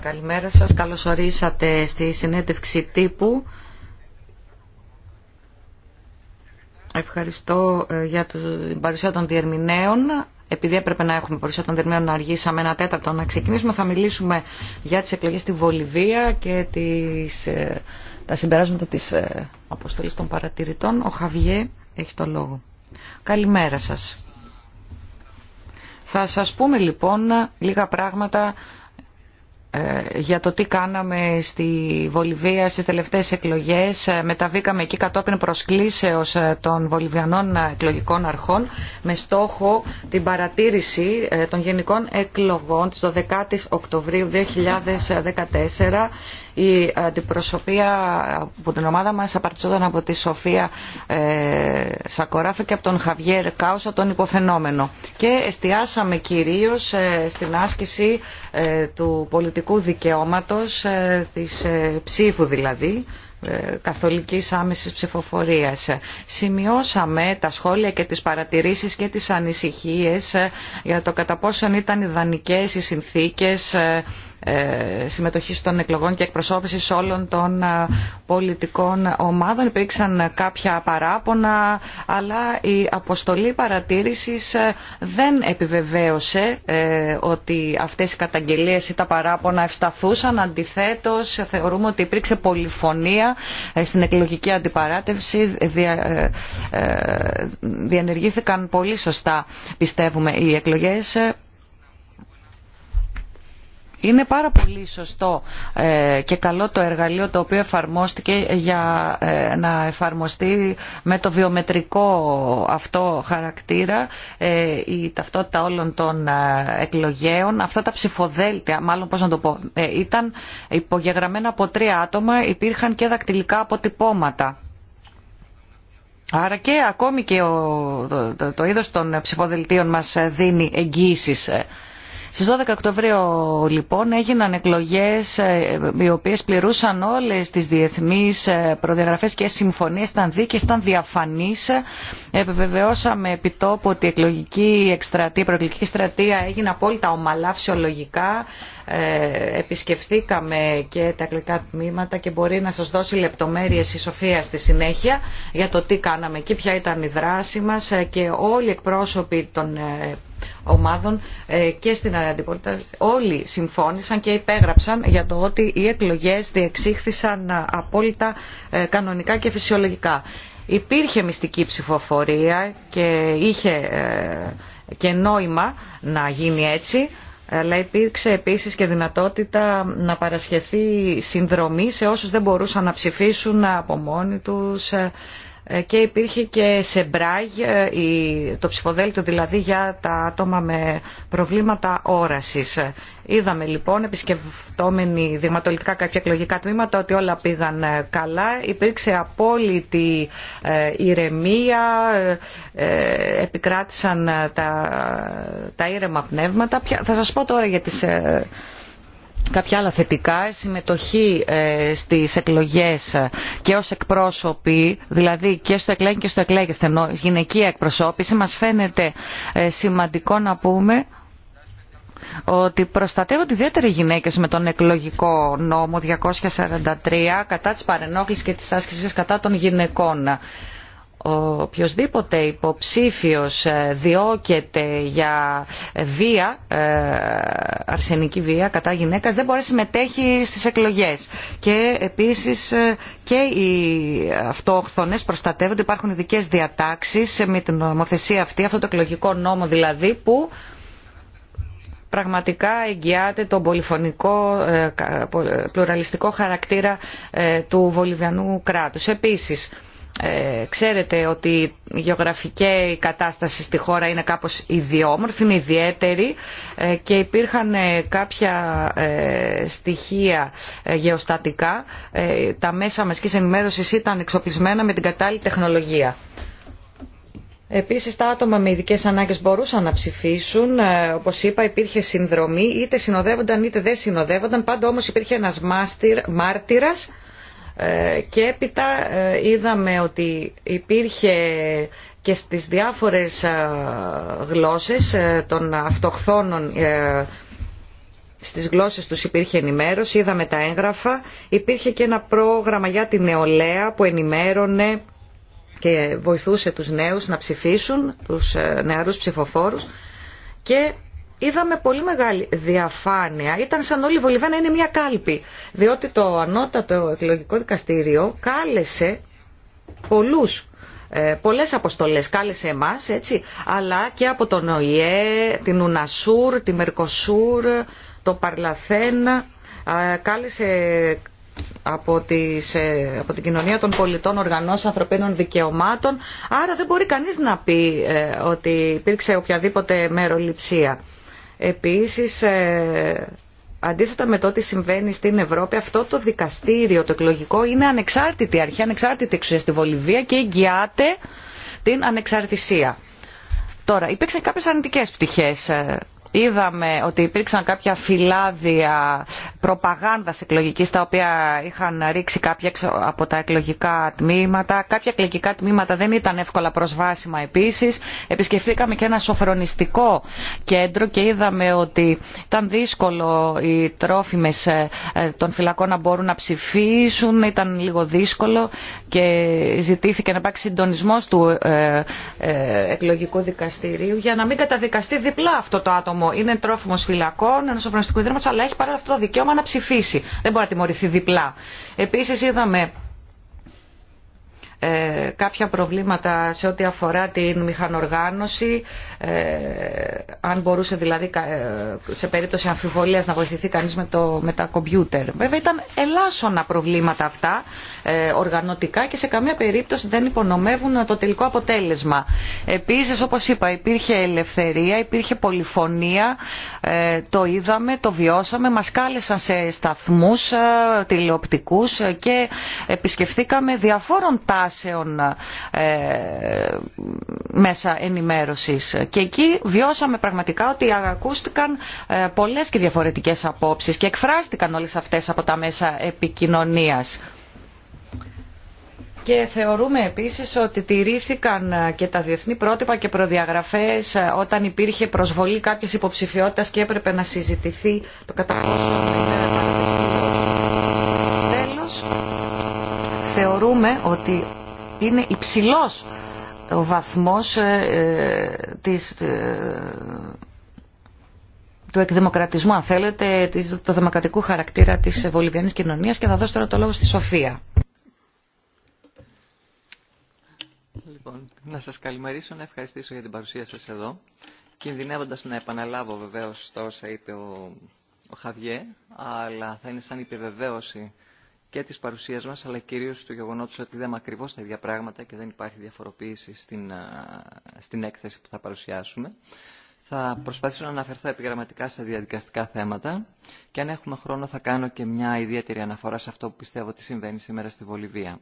Καλημέρα σας. Καλώς ορίσατε στη συνέντευξη τύπου. Ευχαριστώ ε, για την παρουσία των διερμηνέων. Επειδή έπρεπε να έχουμε παρουσία των διερμηνέων να αργήσαμε ένα τέταρτο να ξεκινήσουμε, θα μιλήσουμε για τις εκλογές στη Βολιβία και τις, ε, τα συμπεράσματα της ε, αποστολής των παρατηρητών. Ο Χαβιέ έχει το λόγο. Καλημέρα σας. Θα σας πούμε λοιπόν λίγα πράγματα ε, για το τι κάναμε στη Βολιβία στις τελευταίες εκλογές. Ε, μεταβήκαμε εκεί κατόπιν προσκλήσεως ε, των Βολιβιανών εκλογικών αρχών με στόχο την παρατήρηση των γενικών εκλογών της 12 Οκτωβρίου 2014 η αντιπροσωπεία που την ομάδα μας απαρτιζόταν από τη Σοφία ε, Σακοράφη και από τον Χαβιέρ Κάουσα, τον υποφαινόμενο. Και εστιάσαμε κυρίως ε, στην άσκηση ε, του πολιτικού δικαιώματος, ε, της ε, ψήφου δηλαδή, καθολικής άμεσης ψηφοφορίας. Σημειώσαμε τα σχόλια και τις παρατηρήσεις και τις ανησυχίες για το κατά πόσον ήταν ιδανικές οι συνθήκες ε, συμμετοχή των εκλογών και εκπροσώπησης όλων των ε, πολιτικών ομάδων. Υπήρξαν κάποια παράπονα, αλλά η αποστολή παρατήρησης ε, δεν επιβεβαίωσε ότι αυτές οι καταγγελίες ή τα παράπονα ευσταθούσαν. Αντιθέτως, θεωρούμε ότι υπήρξε πολυφωνία στην εκλογική αντιπαράτευση. Διανεργήθηκαν πολύ σωστά, πιστεύουμε, οι εκλογές είναι πάρα πολύ σωστό ε, και καλό το εργαλείο το οποίο εφαρμόστηκε για ε, να εφαρμοστεί με το βιομετρικό αυτό χαρακτήρα ε, η ταυτότητα όλων των εκλογέων. Αυτά τα ψηφοδέλτια, μάλλον πώς να το πω, ήταν υπογεγραμμένα από τρία άτομα, υπήρχαν και δακτυλικά αποτυπώματα. Άρα και ακόμη και το, το, είδος των ψηφοδελτίων μας δίνει εγγύησεις στις 12 Οκτωβρίου λοιπόν έγιναν εκλογές ε, οι οποίες πληρούσαν όλες τις διεθνείς ε, προδιαγραφές και συμφωνίες, ήταν δίκαιε, ήταν διαφανείς. Επιβεβαιώσαμε επί ότι η εκλογική εκστρατεία, η προεκλογική εκστρατεία έγινε απόλυτα ομαλά φυσιολογικά. Ε, επισκεφθήκαμε και τα εκλογικά τμήματα και μπορεί να σας δώσει λεπτομέρειες η Σοφία στη συνέχεια για το τι κάναμε εκεί, ποια ήταν η δράση μας και όλοι οι εκπρόσωποι των ομάδων ε, και στην αντιπολίτευση όλοι συμφώνησαν και υπέγραψαν για το ότι οι εκλογές διεξήχθησαν ε, απόλυτα ε, κανονικά και φυσιολογικά. Υπήρχε μυστική ψηφοφορία και είχε και νόημα να γίνει έτσι αλλά υπήρξε επίσης και δυνατότητα να παρασχεθεί συνδρομή σε όσους δεν μπορούσαν να ψηφίσουν από μόνοι τους ε, και υπήρχε και σε μπράγ ε, το ψηφοδέλτιο δηλαδή για τα άτομα με προβλήματα όρασης. Είδαμε λοιπόν επισκεφτόμενοι δειγματοληπτικά κάποια εκλογικά τμήματα ότι όλα πήγαν ε, καλά. Υπήρξε απόλυτη ηρεμία, επικράτησαν τα, τα ήρεμα πνεύματα. Θα σας πω τώρα για τις κάποια άλλα θετικά, η συμμετοχή ε, στις εκλογές ε, και ως εκπρόσωποι, δηλαδή και στο εκλέγει και στο εκλέγεστε, ενώ γυναικεία εκπροσώπηση, μας φαίνεται ε, σημαντικό να πούμε ότι προστατεύονται ιδιαίτερα οι γυναίκε με τον εκλογικό νόμο 243 κατά της παρενόχλησης και της άσκηση κατά των γυναικών οποιοδήποτε υποψήφιος ε, διώκεται για ε, βία, ε, αρσενική βία κατά γυναίκας δεν μπορεί να συμμετέχει στις εκλογές. Και επίσης και οι αυτόχθονες προστατεύονται, υπάρχουν ειδικέ διατάξεις με την νομοθεσία αυτή, αυτό το εκλογικό νόμο δηλαδή που πραγματικά εγγυάται τον πολυφωνικό, πλουραλιστικό χαρακτήρα του βολιβιανού κράτους. Επίσης, ε, ξέρετε ότι η γεωγραφική κατάσταση στη χώρα είναι κάπως ιδιόμορφη, είναι ιδιαίτερη ε, και υπήρχαν ε, κάποια στοιχεία γεωστατικά. Τα μέσα μαζικής ενημέρωσης ήταν εξοπλισμένα με την κατάλληλη τεχνολογία. Επίσης τα άτομα με ειδικές ανάγκες μπορούσαν να ψηφίσουν, όπως είπα υπήρχε συνδρομή, είτε συνοδεύονταν είτε δεν συνοδεύονταν, πάντα όμως υπήρχε ένας μάρτυρας ε, και έπειτα ε, είδαμε ότι υπήρχε και στις διάφορες ε, γλώσσες των αυτοχθόνων στις γλώσσες τους υπήρχε ενημέρωση, είδαμε τα έγγραφα, υπήρχε και ένα πρόγραμμα για την νεολαία που ενημέρωνε και βοηθούσε τους νέους να ψηφίσουν, τους νεαρούς ψηφοφόρους και είδαμε πολύ μεγάλη διαφάνεια. Ήταν σαν όλη η να είναι μια κάλπη. Διότι το ανώτατο εκλογικό δικαστήριο κάλεσε πολλούς ε, πολλές αποστολές κάλεσε εμάς, έτσι, αλλά και από τον ΟΗΕ, την Ουνασούρ, τη Μερκοσούρ, το Παρλαθέν, ε, κάλεσε από, τις, ε, από την κοινωνία των πολιτών οργανώσεων ανθρωπίνων δικαιωμάτων, άρα δεν μπορεί κανείς να πει ότι υπήρξε οποιαδήποτε μεροληψία. Επίσης, ε, αντίθετα με το ότι συμβαίνει στην Ευρώπη, αυτό το δικαστήριο, το εκλογικό, είναι ανεξάρτητη αρχή, ανεξάρτητη εξουσία στη Βολιβία και εγγυάται την ανεξαρτησία. Τώρα, υπήρξαν κάποιες αρνητικές πτυχές ε, Είδαμε ότι υπήρξαν κάποια φυλάδια προπαγάνδας εκλογικής τα οποία είχαν ρίξει κάποια από τα εκλογικά τμήματα. Κάποια εκλογικά τμήματα δεν ήταν εύκολα προσβάσιμα επίσης. Επισκεφθήκαμε και ένα σοφρονιστικό κέντρο και είδαμε ότι ήταν δύσκολο οι τρόφιμες ε, ε, των φυλακών να μπορούν να ψηφίσουν. Ήταν λίγο δύσκολο και ζητήθηκε να υπάρξει συντονισμό του ε, εκλογικού δικαστηρίου για να μην καταδικαστεί διπλά αυτό το άτομο είναι τρόφιμο φυλακών ενό οπνευστικού ιδρύματο, αλλά έχει παρόλα αυτό το δικαίωμα να ψηφίσει. Δεν μπορεί να τιμωρηθεί διπλά. Επίση, είδαμε ε, κάποια προβλήματα σε ό,τι αφορά την μηχανοργάνωση, ε, αν μπορούσε δηλαδή ε, σε περίπτωση αμφιβολίας να βοηθηθεί κανείς με, το, με τα κομπιούτερ. Βέβαια ήταν ελάσσονα προβλήματα αυτά ε, οργανωτικά και σε καμία περίπτωση δεν υπονομεύουν το τελικό αποτέλεσμα. Επίσης όπως είπα υπήρχε ελευθερία, υπήρχε πολυφωνία, το είδαμε, το βιώσαμε, μας κάλεσαν σε σταθμούς τηλεοπτικούς και επισκεφθήκαμε διαφόρων τάσεων ε, μέσα ενημέρωσης. Και εκεί βιώσαμε πραγματικά ότι ακούστηκαν ε, πολλές και διαφορετικές απόψεις και εκφράστηκαν όλες αυτές από τα μέσα επικοινωνίας. Και θεωρούμε επίσης ότι τηρήθηκαν ε, και τα διεθνή πρότυπα και προδιαγραφές ε, όταν υπήρχε προσβολή κάποιες υποψηφιότητας και έπρεπε να συζητηθεί το κατά θεωρούμε ότι είναι υψηλός ο βαθμός ε, ε, ε, του εκδημοκρατισμού, αν θέλετε, της, του δημοκρατικού χαρακτήρα της βολιβιανής κοινωνίας και θα δώσω τώρα το λόγο στη Σοφία. Λοιπόν, να σας καλημερίσω, να ευχαριστήσω για την παρουσία σας εδώ. Κινδυνεύοντας να επαναλάβω βεβαίως τα όσα είπε ο, ο Χαβιέ, αλλά θα είναι σαν επιβεβαίωση και της παρουσίας μας, αλλά κυρίως του γεγονότος ότι είδαμε ακριβώς τα ίδια πράγματα και δεν υπάρχει διαφοροποίηση στην, στην έκθεση που θα παρουσιάσουμε. Θα προσπαθήσω να αναφερθώ επιγραμματικά σε διαδικαστικά θέματα και αν έχουμε χρόνο θα κάνω και μια ιδιαίτερη αναφορά σε αυτό που πιστεύω ότι συμβαίνει σήμερα στη Βολιβία.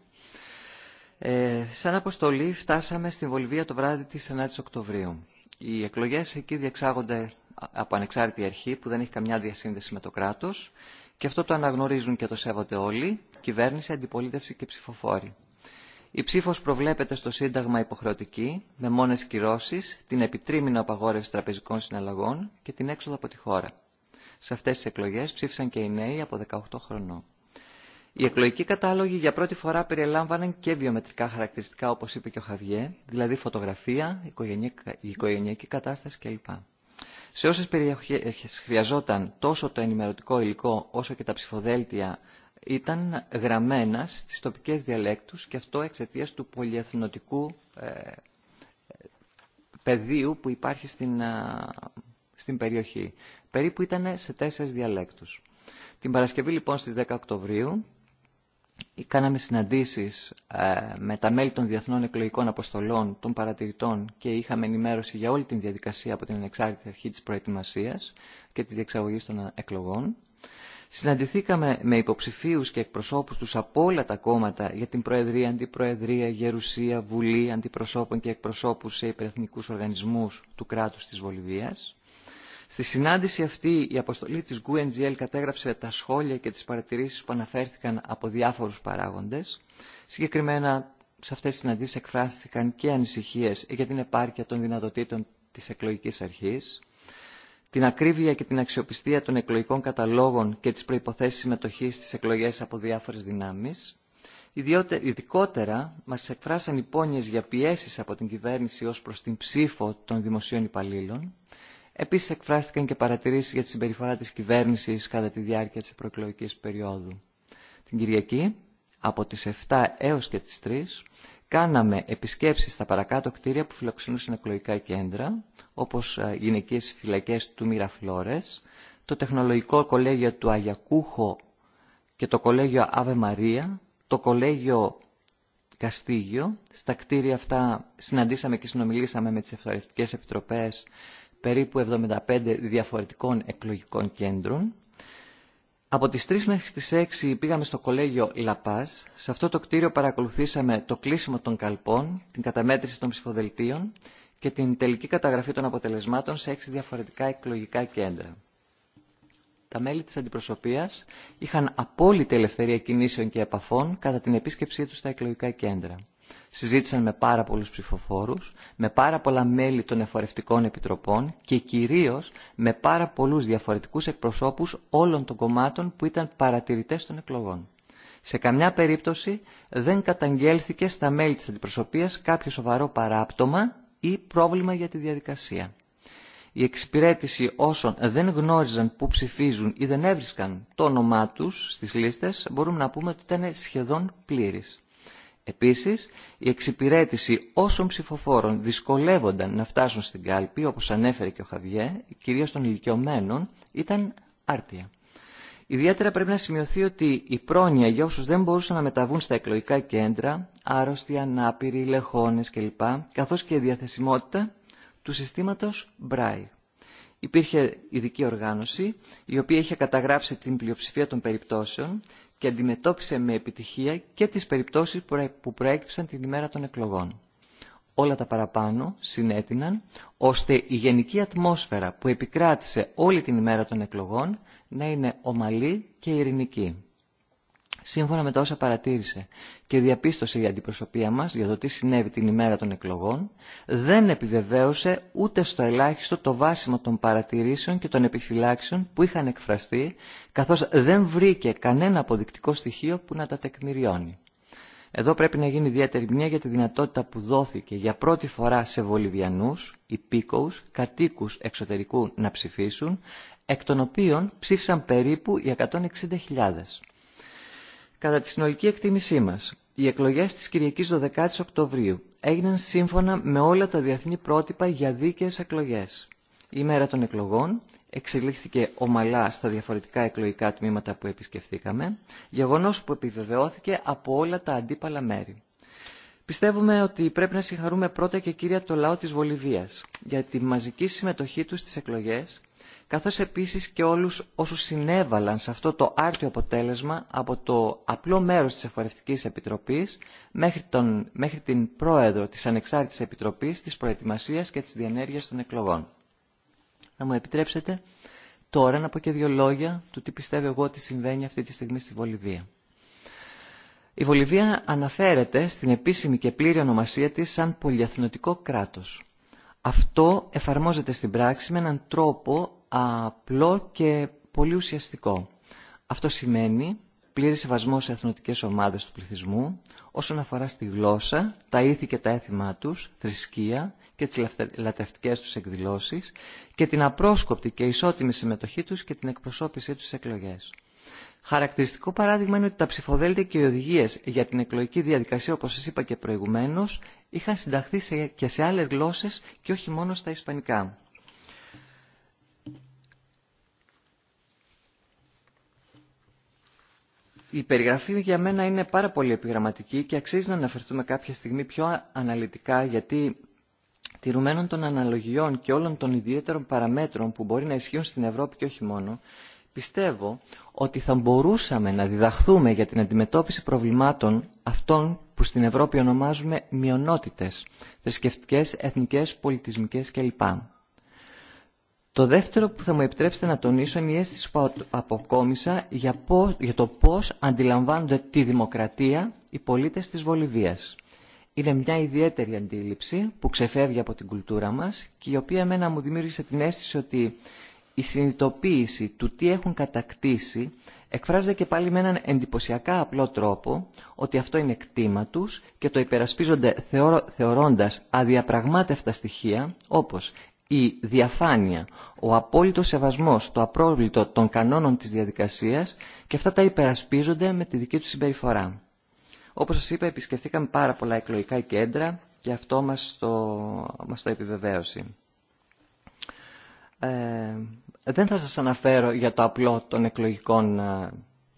Ε, σαν αποστολή φτάσαμε στη Βολιβία το βράδυ της 9ης Οκτωβρίου. Οι εκλογές εκεί διεξάγονται από ανεξάρτητη αρχή που δεν έχει καμιά διασύνδεση με το κράτος και αυτό το αναγνωρίζουν και το σέβονται όλοι, κυβέρνηση, αντιπολίτευση και ψηφοφόροι. Η ψήφο προβλέπεται στο Σύνταγμα υποχρεωτική, με μόνε κυρώσει, την επιτρίμηνα απαγόρευση τραπεζικών συναλλαγών και την έξοδο από τη χώρα. Σε αυτέ τι εκλογέ ψήφισαν και οι νέοι από 18 χρονών. Οι εκλογικοί κατάλογοι για πρώτη φορά περιελάμβαναν και βιομετρικά χαρακτηριστικά, όπω είπε και ο Χαβιέ, δηλαδή φωτογραφία, οικογενειακή κατάσταση κλπ. Σε όσες περιοχές χρειαζόταν τόσο το ενημερωτικό υλικό όσο και τα ψηφοδέλτια ήταν γραμμένα στις τοπικές διαλέκτους και αυτό εξαιτίας του πολυεθνωτικού ε, πεδίου που υπάρχει στην, στην περιοχή. Περίπου ήταν σε τέσσερις διαλέκτους. Την Παρασκευή λοιπόν στις 10 Οκτωβρίου κάναμε συναντήσεις ε, με τα μέλη των διεθνών εκλογικών αποστολών, των παρατηρητών και είχαμε ενημέρωση για όλη την διαδικασία από την ανεξάρτητη αρχή της προετοιμασίας και της διεξαγωγής των εκλογών. Συναντηθήκαμε με υποψηφίους και εκπροσώπους τους από όλα τα κόμματα για την Προεδρία, Αντιπροεδρία, Γερουσία, Βουλή, Αντιπροσώπων και εκπροσώπους σε υπερεθνικούς οργανισμούς του κράτους της Βολιβίας. Στη συνάντηση αυτή η αποστολή της GUNGL κατέγραψε τα σχόλια και τις παρατηρήσεις που αναφέρθηκαν από διάφορους παράγοντες. Συγκεκριμένα σε αυτές τις συναντήσεις εκφράστηκαν και ανησυχίες για την επάρκεια των δυνατοτήτων της εκλογικής αρχής, την ακρίβεια και την αξιοπιστία των εκλογικών καταλόγων και τις προϋποθέσεις συμμετοχής στις εκλογές από διάφορες δυνάμεις. Ειδικότερα μας εκφράσαν υπόνοιες για πιέσεις από την κυβέρνηση ως προς την ψήφο των δημοσίων υπαλλήλων, Επίσης εκφράστηκαν και παρατηρήσεις για τη συμπεριφορά της κυβέρνησης κατά τη διάρκεια της προεκλογικής περίοδου. Την Κυριακή, από τις 7 έως και τις 3, κάναμε επισκέψεις στα παρακάτω κτίρια που φιλοξενούσαν εκλογικά κέντρα, όπως ε, γυναικείες φυλακές του Μυραφλόρες, το Τεχνολογικό Κολέγιο του Αγιακούχο και το Κολέγιο Αβε Μαρία, το Κολέγιο Καστίγιο. Στα κτίρια αυτά συναντήσαμε και συνομιλήσαμε με τις ευθορευτικές επιτροπές περίπου 75 διαφορετικών εκλογικών κέντρων. Από τις 3 μέχρι τις 6 πήγαμε στο κολέγιο Λαπάς. Σε αυτό το κτίριο παρακολουθήσαμε το κλείσιμο των καλπών, την καταμέτρηση των ψηφοδελτίων και την τελική καταγραφή των αποτελεσμάτων σε 6 διαφορετικά εκλογικά κέντρα. Τα μέλη της αντιπροσωπείας είχαν απόλυτη ελευθερία κινήσεων και επαφών κατά την επίσκεψή τους στα εκλογικά κέντρα συζήτησαν με πάρα πολλούς ψηφοφόρους, με πάρα πολλά μέλη των εφορευτικών επιτροπών και κυρίως με πάρα πολλούς διαφορετικούς εκπροσώπους όλων των κομμάτων που ήταν παρατηρητές των εκλογών. Σε καμιά περίπτωση δεν καταγγέλθηκε στα μέλη της αντιπροσωπείας κάποιο σοβαρό παράπτωμα ή πρόβλημα για τη διαδικασία. Η εξυπηρέτηση όσων δεν γνώριζαν που ψηφίζουν ή δεν έβρισκαν το όνομά τους στις λίστες μπορούμε να πούμε ότι ήταν σχεδόν πλήρης. Επίσης, η εξυπηρέτηση όσων ψηφοφόρων δυσκολεύονταν να φτάσουν στην κάλπη, όπως ανέφερε και ο Χαβιέ, κυρίως των ηλικιωμένων, ήταν άρτια. Ιδιαίτερα πρέπει να σημειωθεί ότι η πρόνοια για δεν μπορούσαν να μεταβούν στα εκλογικά κέντρα, άρρωστοι, ανάπηροι, λεχόνες κλπ, καθώς και η διαθεσιμότητα του συστήματος Μπράι. Υπήρχε ειδική οργάνωση, η οποία είχε καταγράψει την πλειοψηφία των περιπτώσεων και αντιμετώπισε με επιτυχία και τις περιπτώσεις που προέκυψαν την ημέρα των εκλογών. Όλα τα παραπάνω συνέτειναν ώστε η γενική ατμόσφαιρα που επικράτησε όλη την ημέρα των εκλογών να είναι ομαλή και ειρηνική σύμφωνα με τα όσα παρατήρησε και διαπίστωσε η αντιπροσωπεία μας για το τι συνέβη την ημέρα των εκλογών, δεν επιβεβαίωσε ούτε στο ελάχιστο το βάσιμο των παρατηρήσεων και των επιφυλάξεων που είχαν εκφραστεί, καθώς δεν βρήκε κανένα αποδεικτικό στοιχείο που να τα τεκμηριώνει. Εδώ πρέπει να γίνει ιδιαίτερη μνήμα για τη δυνατότητα που δόθηκε για πρώτη φορά σε Βολιβιανούς, υπήκοους, κατοίκους εξωτερικού να ψηφίσουν, εκ των οποίων ψήφισαν περίπου οι 160.000. Κατά τη συνολική εκτίμησή μας, οι εκλογές της Κυριακής 12 Οκτωβρίου έγιναν σύμφωνα με όλα τα διεθνή πρότυπα για δίκαιες εκλογές. Η μέρα των εκλογών εξελίχθηκε ομαλά στα διαφορετικά εκλογικά τμήματα που επισκεφθήκαμε, γεγονός που επιβεβαιώθηκε από όλα τα αντίπαλα μέρη. Πιστεύουμε ότι πρέπει να συγχαρούμε πρώτα και κύρια το λαό της Βολιβίας για τη μαζική συμμετοχή του στις εκλογές καθώς επίσης και όλους όσους συνέβαλαν σε αυτό το άρτιο αποτέλεσμα από το απλό μέρος της Εφορευτικής Επιτροπής μέχρι, τον, μέχρι την πρόεδρο της Ανεξάρτητης Επιτροπής της Προετοιμασίας και της Διενέργειας των Εκλογών. Θα μου επιτρέψετε τώρα να πω και δύο λόγια του τι πιστεύω εγώ ότι συμβαίνει αυτή τη στιγμή στη Βολιβία. Η Βολιβία αναφέρεται στην επίσημη και πλήρη ονομασία της σαν πολυεθνωτικό κράτος. Αυτό εφαρμόζεται στην πράξη με έναν τρόπο απλό και πολύ ουσιαστικό. Αυτό σημαίνει πλήρη σεβασμό σε εθνοτικές ομάδες του πληθυσμού όσον αφορά στη γλώσσα, τα ήθη και τα έθιμά τους, θρησκεία και τις λατευτικές τους εκδηλώσεις και την απρόσκοπτη και ισότιμη συμμετοχή τους και την εκπροσώπησή τους στις εκλογές. Χαρακτηριστικό παράδειγμα είναι ότι τα ψηφοδέλτια και οι οδηγίε για την εκλογική διαδικασία, όπω σα είπα και προηγουμένω, είχαν συνταχθεί και σε άλλε γλώσσε και όχι μόνο στα Ισπανικά. η περιγραφή για μένα είναι πάρα πολύ επιγραμματική και αξίζει να αναφερθούμε κάποια στιγμή πιο αναλυτικά γιατί τηρουμένων των αναλογιών και όλων των ιδιαίτερων παραμέτρων που μπορεί να ισχύουν στην Ευρώπη και όχι μόνο, πιστεύω ότι θα μπορούσαμε να διδαχθούμε για την αντιμετώπιση προβλημάτων αυτών που στην Ευρώπη ονομάζουμε μειονότητες, θρησκευτικέ, εθνικές, πολιτισμικές κλπ. Το δεύτερο που θα μου επιτρέψετε να τονίσω είναι η αίσθηση που αποκόμισα για, για το πώς αντιλαμβάνονται τη δημοκρατία οι πολίτες της Βολιβίας. Είναι μια ιδιαίτερη αντίληψη που ξεφεύγει από την κουλτούρα μας και η οποία εμένα μου δημιούργησε την αίσθηση ότι η συνειδητοποίηση του τι έχουν κατακτήσει εκφράζεται και πάλι με έναν εντυπωσιακά απλό τρόπο ότι αυτό είναι κτήμα τους και το υπερασπίζονται θεωρώντας αδιαπραγμάτευτα στοιχεία όπως η διαφάνεια, ο απόλυτος σεβασμός, το απρόβλητο των κανόνων της διαδικασίας και αυτά τα υπερασπίζονται με τη δική του συμπεριφορά. Όπως σας είπα, επισκεφτήκαμε πάρα πολλά εκλογικά κέντρα και αυτό μας το, μας το επιβεβαίωσε. Ε, δεν θα σας αναφέρω για το απλό των εκλογικών ε,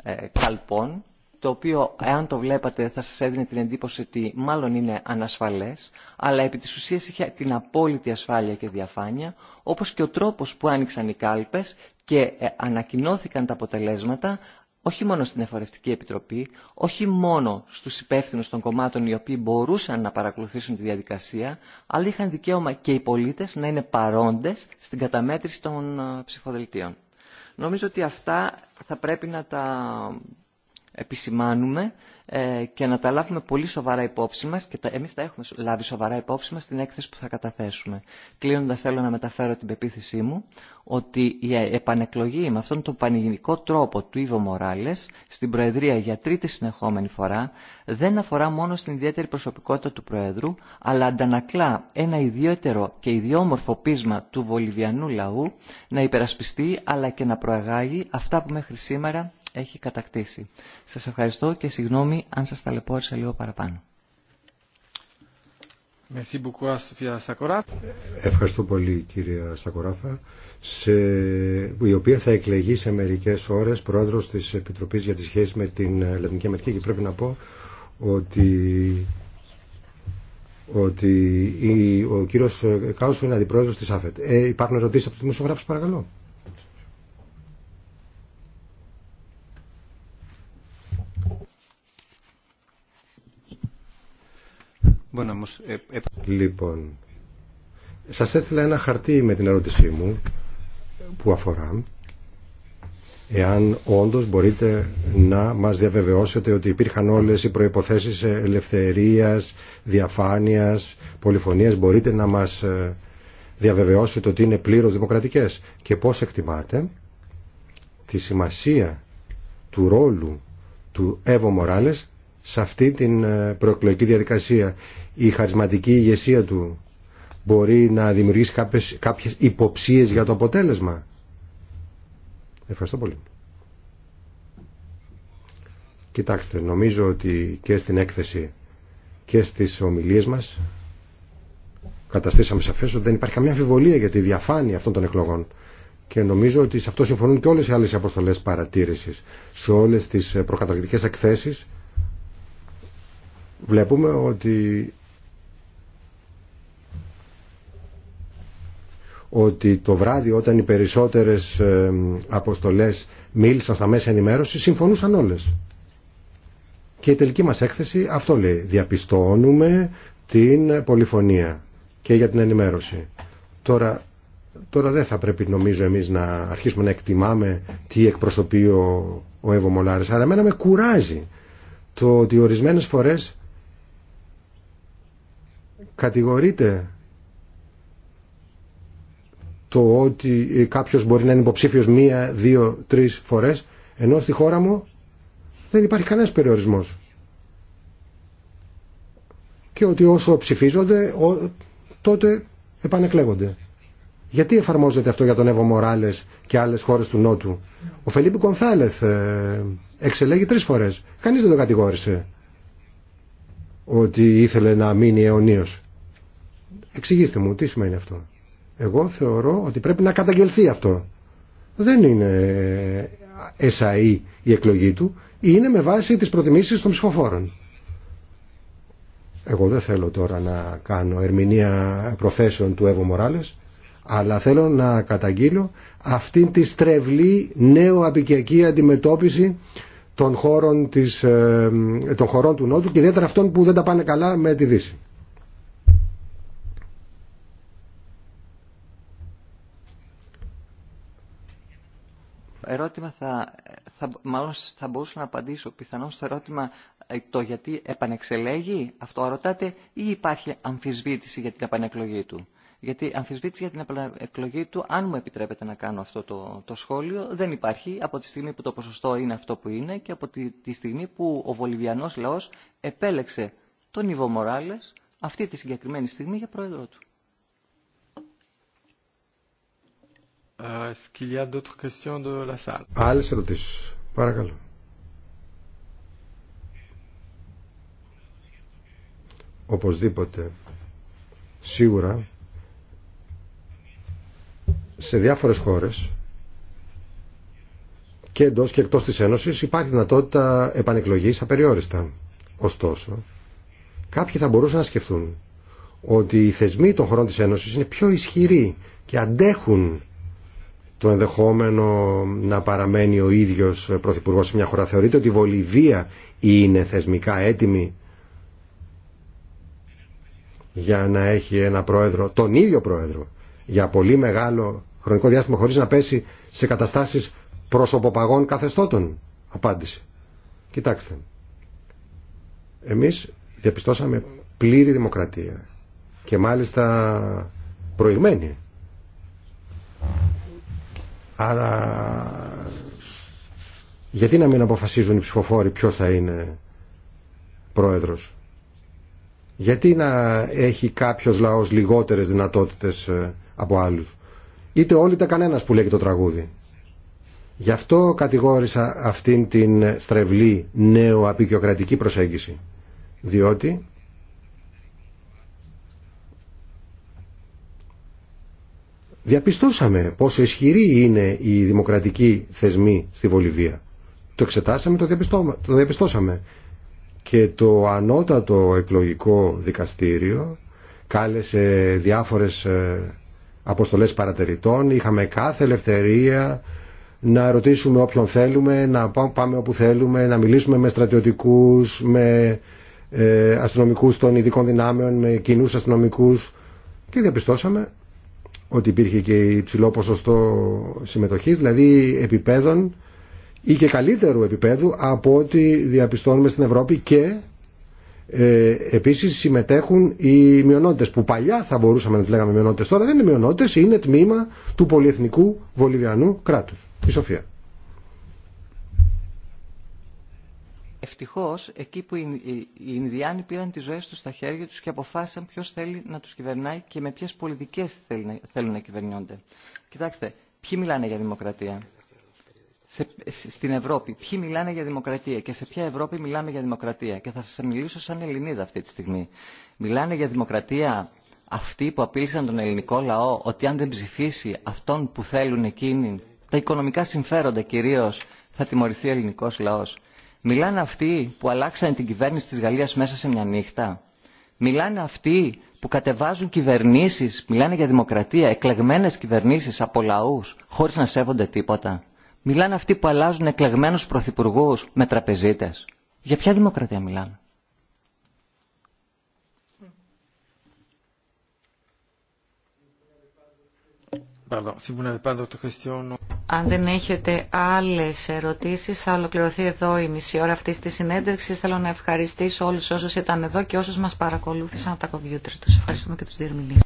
ε καλπών, το οποίο εάν το βλέπατε θα σας έδινε την εντύπωση ότι μάλλον είναι ανασφαλές, αλλά επί της ουσίας είχε την απόλυτη ασφάλεια και διαφάνεια, όπως και ο τρόπος που άνοιξαν οι κάλπες και ε, ανακοινώθηκαν τα αποτελέσματα, όχι μόνο στην Εφορευτική Επιτροπή, όχι μόνο στους υπεύθυνους των κομμάτων οι οποίοι μπορούσαν να παρακολουθήσουν τη διαδικασία, αλλά είχαν δικαίωμα και οι πολίτες να είναι παρόντες στην καταμέτρηση των ε, ψηφοδελτίων. Νομίζω ότι αυτά θα πρέπει να τα επισημάνουμε ε, και να τα λάβουμε πολύ σοβαρά υπόψη μας και τα, εμείς τα έχουμε λάβει σοβαρά υπόψη μας στην έκθεση που θα καταθέσουμε. Κλείνοντας θέλω να μεταφέρω την πεποίθησή μου ότι η ε, επανεκλογή με αυτόν τον πανηγυρικό τρόπο του Ιβο Μοράλες στην Προεδρία για τρίτη συνεχόμενη φορά δεν αφορά μόνο στην ιδιαίτερη προσωπικότητα του Προέδρου αλλά αντανακλά ένα ιδιαίτερο και ιδιόμορφο πείσμα του βολιβιανού λαού να υπερασπιστεί αλλά και να προαγάγει αυτά που μέχρι σήμερα έχει κατακτήσει. Σας ευχαριστώ και συγγνώμη αν σας ταλαιπώρησα λίγο παραπάνω. Ευχαριστώ πολύ κυρία Σακοράφα, σε... η οποία θα εκλεγεί σε μερικές ώρες πρόεδρος της Επιτροπής για τις σχέσεις με την Λατινική Αμερική και πρέπει να πω ότι, ότι ο κύριος Κάουσου είναι αντιπρόεδρος της ΑΦΕΤ. Ε, υπάρχουν ερωτήσεις από τους δημοσιογράφους παρακαλώ. Eh, eh, λοιπόν, σας έστειλα ένα χαρτί με την ερώτησή μου που αφορά εάν όντως μπορείτε να μας διαβεβαιώσετε ότι υπήρχαν όλες οι προϋποθέσεις ελευθερίας, διαφάνειας, πολυφωνίας. Μπορείτε να μας ε, διαβεβαιώσετε ότι είναι πλήρως δημοκρατικές και πώς εκτιμάτε τη σημασία του ρόλου του Εύω Μοράλες σε αυτή την ε, προεκλογική διαδικασία η χαρισματική ηγεσία του μπορεί να δημιουργήσει κάποιες, κάποιες υποψίες για το αποτέλεσμα. Ευχαριστώ πολύ. Κοιτάξτε, νομίζω ότι και στην έκθεση και στις ομιλίες μας καταστήσαμε σαφές ότι δεν υπάρχει καμία αμφιβολία για τη διαφάνεια αυτών των εκλογών. Και νομίζω ότι σε αυτό συμφωνούν και όλες οι άλλες αποστολές παρατήρησης. Σε όλες τις ε, προκαταρκτικές εκθέσεις βλέπουμε ότι ότι το βράδυ όταν οι περισσότερες ε, αποστολές μίλησαν στα μέσα ενημέρωση συμφωνούσαν όλες. Και η τελική μας έκθεση αυτό λέει. Διαπιστώνουμε την πολυφωνία και για την ενημέρωση. Τώρα, τώρα δεν θα πρέπει νομίζω εμείς να αρχίσουμε να εκτιμάμε τι εκπροσωπεί ο, ο Εύω Μολάρης. Αλλά εμένα με κουράζει το ότι ορισμένες φορές κατηγορείται το ότι ε, κάποιος μπορεί να είναι υποψήφιος μία, δύο, τρεις φορές, ενώ στη χώρα μου δεν υπάρχει κανένας περιορισμός. Και ότι όσο ψηφίζονται, τότε επανεκλέγονται. Γιατί εφαρμόζεται αυτό για τον Εύω Μοράλες και άλλες χώρες του Νότου. Ο Φελίπη Κονθάλεθ ε, εξελέγει τρεις φορές. Κανείς δεν το κατηγόρησε ότι ήθελε να μείνει αιωνίως. Εξηγήστε μου τι σημαίνει αυτό. Εγώ θεωρώ ότι πρέπει να καταγγελθεί αυτό. Δεν είναι ε, εσαή η εκλογή του, είναι με βάση τις προτιμήσεις των ψηφοφόρων. Εγώ δεν θέλω τώρα να κάνω ερμηνεία προθέσεων του Εύω Μοράλες, αλλά θέλω να καταγγείλω αυτή τη στρεβλή νέο απικιακή αντιμετώπιση των χωρών, ε, των χωρών του Νότου και ιδιαίτερα αυτών που δεν τα πάνε καλά με τη Δύση. ερώτημα θα, θα, μάλλον θα μπορούσα να απαντήσω πιθανόν στο ερώτημα ε, το γιατί επανεξελέγει, αυτό ρωτάτε, ή υπάρχει αμφισβήτηση για την επανεκλογή του. Γιατί αμφισβήτηση για την επανεκλογή του, αν μου επιτρέπετε να κάνω αυτό το, το σχόλιο, δεν υπάρχει από τη στιγμή που το ποσοστό είναι αυτό που είναι και από τη, τη στιγμή που ο Βολιβιανός λαός επέλεξε τον Ιβο Μοράλες αυτή τη συγκεκριμένη στιγμή για πρόεδρο του. Euh, est-ce Άλλες ερωτήσεις. Παρακαλώ. Οπωσδήποτε. Σίγουρα σε διάφορες χώρες και εντός και εκτός της Ένωσης υπάρχει δυνατότητα επανεκλογής απεριόριστα. Ωστόσο, κάποιοι θα μπορούσαν να σκεφτούν ότι οι θεσμοί των χωρών της Ένωσης είναι πιο ισχυροί και αντέχουν το ενδεχόμενο να παραμένει ο ίδιος Πρωθυπουργό σε μια χώρα. θεωρείται ότι η Βολιβία είναι θεσμικά έτοιμη για να έχει ένα πρόεδρο, τον ίδιο πρόεδρο, για πολύ μεγάλο χρονικό διάστημα χωρίς να πέσει σε καταστάσεις προσωποπαγών καθεστώτων. Απάντηση. Κοιτάξτε. Εμείς διαπιστώσαμε πλήρη δημοκρατία και μάλιστα προηγμένη. Άρα γιατί να μην αποφασίζουν οι ψηφοφόροι ποιος θα είναι πρόεδρος. Γιατί να έχει κάποιος λαός λιγότερες δυνατότητες ε, από άλλους. Είτε όλοι τα κανένας που λέγει το τραγούδι. Γι' αυτό κατηγόρησα αυτήν την στρεβλή απικιοκρατική προσέγγιση. Διότι Διαπιστώσαμε πόσο ισχυρή είναι η δημοκρατική θεσμή στη Βολιβία. Το εξετάσαμε, το, διαπιστώσαμε. Και το ανώτατο εκλογικό δικαστήριο κάλεσε διάφορες ε, αποστολές παρατηρητών, είχαμε κάθε ελευθερία να ρωτήσουμε όποιον θέλουμε, να πάμε όπου θέλουμε, να μιλήσουμε με στρατιωτικούς, με ε, αστυνομικούς των ειδικών δυνάμεων, με κοινούς αστυνομικούς και διαπιστώσαμε ότι υπήρχε και υψηλό ποσοστό συμμετοχής, δηλαδή επιπέδων ή και καλύτερου επίπεδου από ό,τι διαπιστώνουμε στην Ευρώπη και ε, επίσης συμμετέχουν οι μειονότητες που παλιά θα μπορούσαμε να τις λέγαμε μειονότητες τώρα δεν είναι μειονότητες, είναι τμήμα του πολυεθνικού βολιβιανού κράτους η Σοφία Ευτυχώ, εκεί που οι Ινδιάνοι πήραν τι ζωέ του στα χέρια του και αποφάσισαν ποιο θέλει να του κυβερνάει και με ποιε πολιτικέ θέλουν να κυβερνιόνται. Κοιτάξτε, ποιοι μιλάνε για δημοκρατία σε, στην Ευρώπη. Ποιοι μιλάνε για δημοκρατία και σε ποια Ευρώπη μιλάμε για δημοκρατία. Και θα σα μιλήσω σαν Ελληνίδα αυτή τη στιγμή. Μιλάνε για δημοκρατία αυτοί που απείλησαν τον ελληνικό λαό ότι αν δεν ψηφίσει αυτόν που θέλουν εκείνοι, τα οικονομικά συμφέροντα κυρίω θα τιμωρηθεί ο ελληνικό λαό. Μιλάνε αυτοί που αλλάξαν την κυβέρνηση της Γαλλίας μέσα σε μια νύχτα. Μιλάνε αυτοί που κατεβάζουν κυβερνήσεις, μιλάνε για δημοκρατία, εκλεγμένες κυβερνήσεις από λαού, χωρίς να σέβονται τίποτα. Μιλάνε αυτοί που αλλάζουν εκλεγμένους πρωθυπουργούς με τραπεζίτες. Για ποια δημοκρατία μιλάνε. Αν δεν έχετε άλλες ερωτήσεις θα ολοκληρωθεί εδώ η μισή ώρα αυτής της συνέντευξης. Θέλω να ευχαριστήσω όλους όσους ήταν εδώ και όσους μας παρακολούθησαν από τα κομπιούτερ τους. Ευχαριστούμε και τους διερμηνείς.